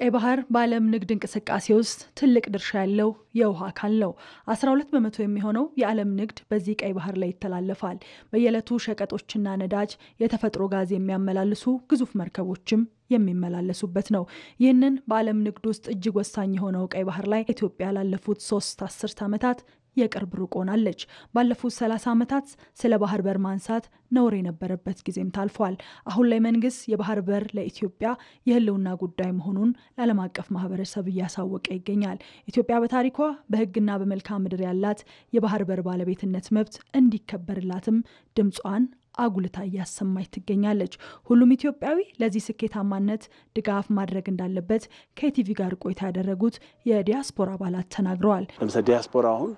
ቀይ ባህር በዓለም ንግድ እንቅስቃሴ ውስጥ ትልቅ ድርሻ ያለው የውሃ አካል ነው። 12 በመቶ የሚሆነው የዓለም ንግድ በዚህ ቀይ ባህር ላይ ይተላለፋል። በየዕለቱ ሸቀጦችና ነዳጅ፣ የተፈጥሮ ጋዝ የሚያመላልሱ ግዙፍ መርከቦችም የሚመላለሱበት ነው። ይህንን በዓለም ንግድ ውስጥ እጅግ ወሳኝ የሆነው ቀይ ባህር ላይ ኢትዮጵያ ላለፉት ሶስት አስርት ዓመታት የቅርብ ሩቅ ሆናለች። ባለፉት 30 ዓመታት ስለ ባህር በር ማንሳት ነውር የነበረበት ጊዜም ታልፏል። አሁን ላይ መንግስት የባህር በር ለኢትዮጵያ የህልውና ጉዳይ መሆኑን ለዓለም አቀፍ ማህበረሰብ እያሳወቀ ይገኛል። ኢትዮጵያ በታሪኳ በህግና በመልክዓ ምድር ያላት የባህር በር ባለቤትነት መብት እንዲከበርላትም ድምጿን አጉልታ እያሰማች ትገኛለች። ሁሉም ኢትዮጵያዊ ለዚህ ስኬታማነት ድጋፍ ማድረግ እንዳለበት ከኢቲቪ ጋር ቆይታ ያደረጉት የዲያስፖራ አባላት ተናግረዋል። ለምሳሌ ዲያስፖራ አሁን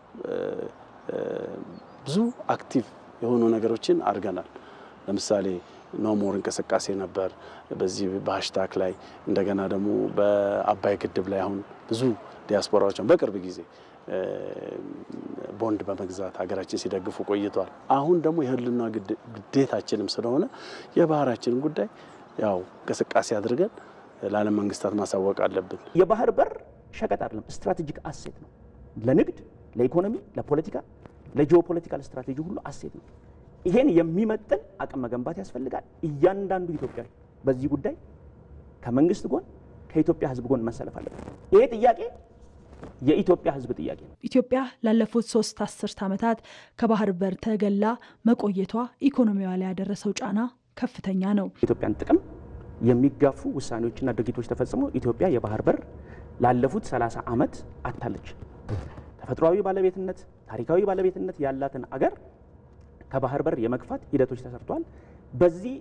ብዙ አክቲቭ የሆኑ ነገሮችን አድርገናል። ለምሳሌ ኖሞር እንቅስቃሴ ነበር። በዚህ በሀሽታግ ላይ እንደገና ደግሞ በአባይ ግድብ ላይ አሁን ብዙ ዲያስፖራዎች በቅርብ ጊዜ ቦንድ በመግዛት ሀገራችን ሲደግፉ ቆይተዋል። አሁን ደግሞ የህልና ግዴታችንም ስለሆነ የባህራችንን ጉዳይ ያው እንቅስቃሴ አድርገን ለዓለም መንግስታት ማሳወቅ አለብን። የባህር በር ሸቀጥ አይደለም፣ ስትራቴጂክ አሴት ነው። ለንግድ፣ ለኢኮኖሚ፣ ለፖለቲካ፣ ለጂኦፖለቲካል ስትራቴጂ ሁሉ አሴት ነው። ይሄን የሚመጥን አቅም መገንባት ያስፈልጋል። እያንዳንዱ ኢትዮጵያዊ በዚህ ጉዳይ ከመንግስት ጎን ከኢትዮጵያ ህዝብ ጎን መሰለፍ አለበት። ይሄ ጥያቄ የኢትዮጵያ ሕዝብ ጥያቄ ነው። ኢትዮጵያ ላለፉት ሶስት አስርት ዓመታት ከባህር በር ተገላ መቆየቷ ኢኮኖሚዋ ላይ ያደረሰው ጫና ከፍተኛ ነው። ኢትዮጵያን ጥቅም የሚጋፉ ውሳኔዎችና ድርጊቶች ተፈጽሞ ኢትዮጵያ የባህር በር ላለፉት 30 ዓመት አታለች። ተፈጥሯዊ ባለቤትነት፣ ታሪካዊ ባለቤትነት ያላትን አገር ከባህር በር የመግፋት ሂደቶች ተሰርቷል። በዚህ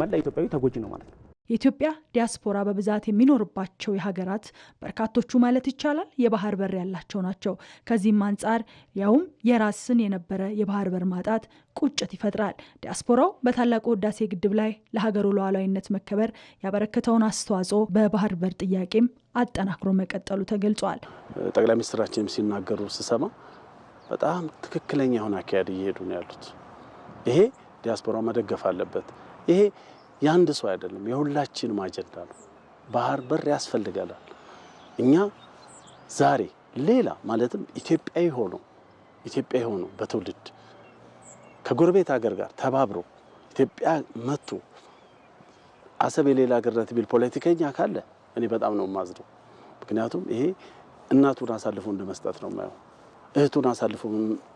መላ ኢትዮጵያዊ ተጎጂ ነው ማለት ነው። የኢትዮጵያ ዲያስፖራ በብዛት የሚኖርባቸው የሀገራት በርካቶቹ ማለት ይቻላል የባህር በር ያላቸው ናቸው። ከዚህም አንጻር ያውም የራስን የነበረ የባህር በር ማጣት ቁጭት ይፈጥራል። ዲያስፖራው በታላቁ ሕዳሴ ግድብ ላይ ለሀገሩ ሉዓላዊነት መከበር ያበረከተውን አስተዋጽኦ በባህር በር ጥያቄም አጠናክሮ መቀጠሉ ተገልጿል። ጠቅላይ ሚኒስትራችንም ሲናገሩ ስሰማ በጣም ትክክለኛ የሆነ አካሄድ እየሄዱ ነው ያሉት። ይሄ ዲያስፖራው መደገፍ አለበት። ይሄ የአንድ ሰው አይደለም፣ የሁላችንም አጀንዳ ነው። ባህር በር ያስፈልገናል። እኛ ዛሬ ሌላ ማለትም ኢትዮጵያዊ ሆኖ ኢትዮጵያዊ ሆኖ በትውልድ ከጎረቤት ሀገር ጋር ተባብሮ ኢትዮጵያ መጥቶ አሰብ የሌላ ሀገር ናት ቢል ፖለቲከኛ ካለ እኔ በጣም ነው የማዝነው። ምክንያቱም ይሄ እናቱን አሳልፎ እንደመስጠት ነው የማየው፣ እህቱን አሳልፎ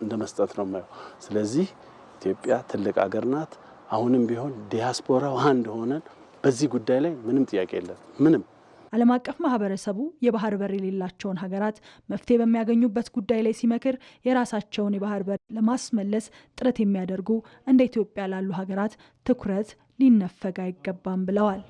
እንደመስጠት ነው የማየው። ስለዚህ ኢትዮጵያ ትልቅ ሀገር ናት። አሁንም ቢሆን ዲያስፖራው አንድ ሆነን በዚህ ጉዳይ ላይ ምንም ጥያቄ የለም። ምንም ዓለም አቀፍ ማህበረሰቡ የባህር በር የሌላቸውን ሀገራት መፍትሄ በሚያገኙበት ጉዳይ ላይ ሲመክር የራሳቸውን የባህር በር ለማስመለስ ጥረት የሚያደርጉ እንደ ኢትዮጵያ ላሉ ሀገራት ትኩረት ሊነፈግ አይገባም ብለዋል።